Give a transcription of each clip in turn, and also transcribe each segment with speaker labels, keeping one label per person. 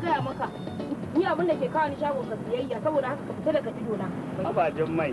Speaker 1: gaya maka ni abin da ke kawo ni shago ka siyayya saboda haka ka fita daga ido a abajin mai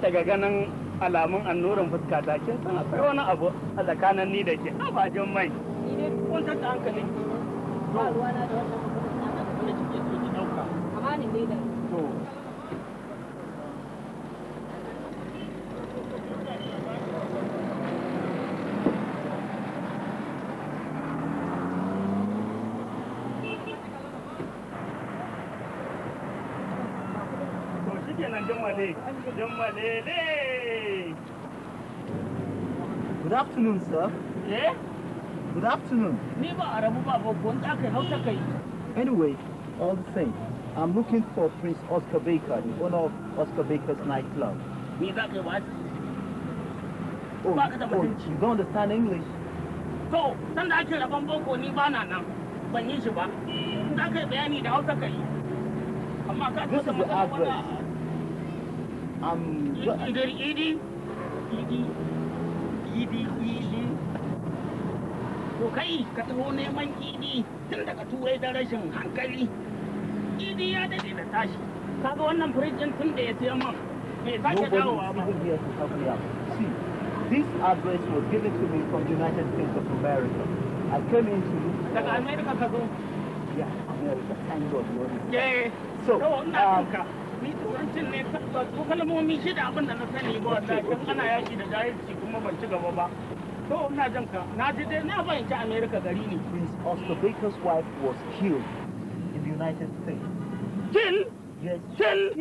Speaker 1: daga ganin alamun annurin fuska ta kin san akwai wani abu a tsakanin ni da ke abajin mai ni dai kun tatta hankali ba da wannan mutum na da kike so ki dauka ne da Good afternoon, sir. Yeah? Good afternoon. Anyway, all the same, I'm looking for Prince Oscar Baker, the owner of Oscar Baker's nightclub. Oh, oh, you don't understand English. So, this is the address. Um, Either idi, idi, idi, idi. To kai ka taho neman idi tun daga turai da rashin hankali. Idi ya daɗe da tashi. Kaga wannan firijin tun da ya siya man. Bai sake dawowa ba. See, this address was given to me from the United States of America. I came in to into... Daga America ka zo? Yeah, America. Thank God. Yeah. So, um, to kalmomi shida da abin da na sani ba wallahi kan ana yaki da jahilci kuma ban ci gaba ba to ina jin ka na ji dai na fahimci America gari ne Prince Oscar Baker's wife was killed in the United States killed yes killed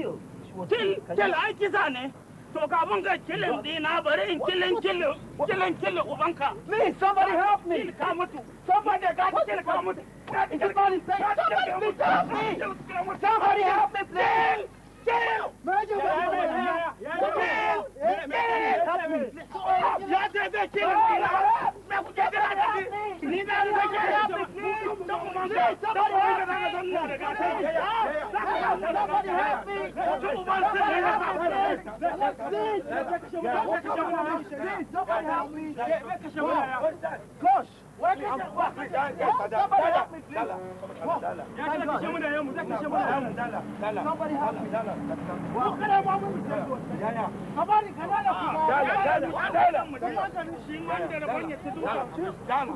Speaker 1: killed killed ai kisa ne to kafin ka kilin dina bari in kilin kilin kilin kilin ubanka please somebody help me ka mutu somebody ka kill ka mutu somebody help me somebody help me please ya ce zai ke Gosh, where can you Dala, dala, dala, dala,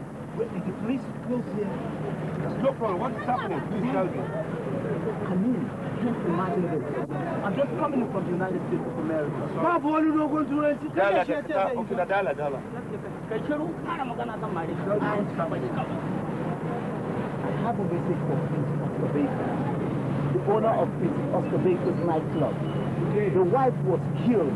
Speaker 1: If the police goes here, Look no problem. What's happening? Please tell me. I mean, just imagine this. I'm just coming from the United States of America. Babu wani dogon turanci. Dala da ta oke dala dala. Kai shiru kana I have a message for Prince Oscar Baker, the owner of Prince Oscar Baker's nightclub. The wife was killed.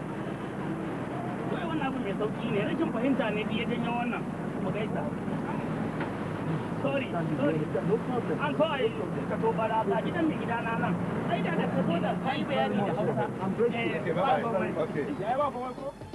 Speaker 1: mai sauki ne rashin fahimta ne biye janyo wannan mu gaisa sorry an so ka to bara gidan mai gida na nan sai da ka zo da kai bayani da Hausa eh ba ba ba ba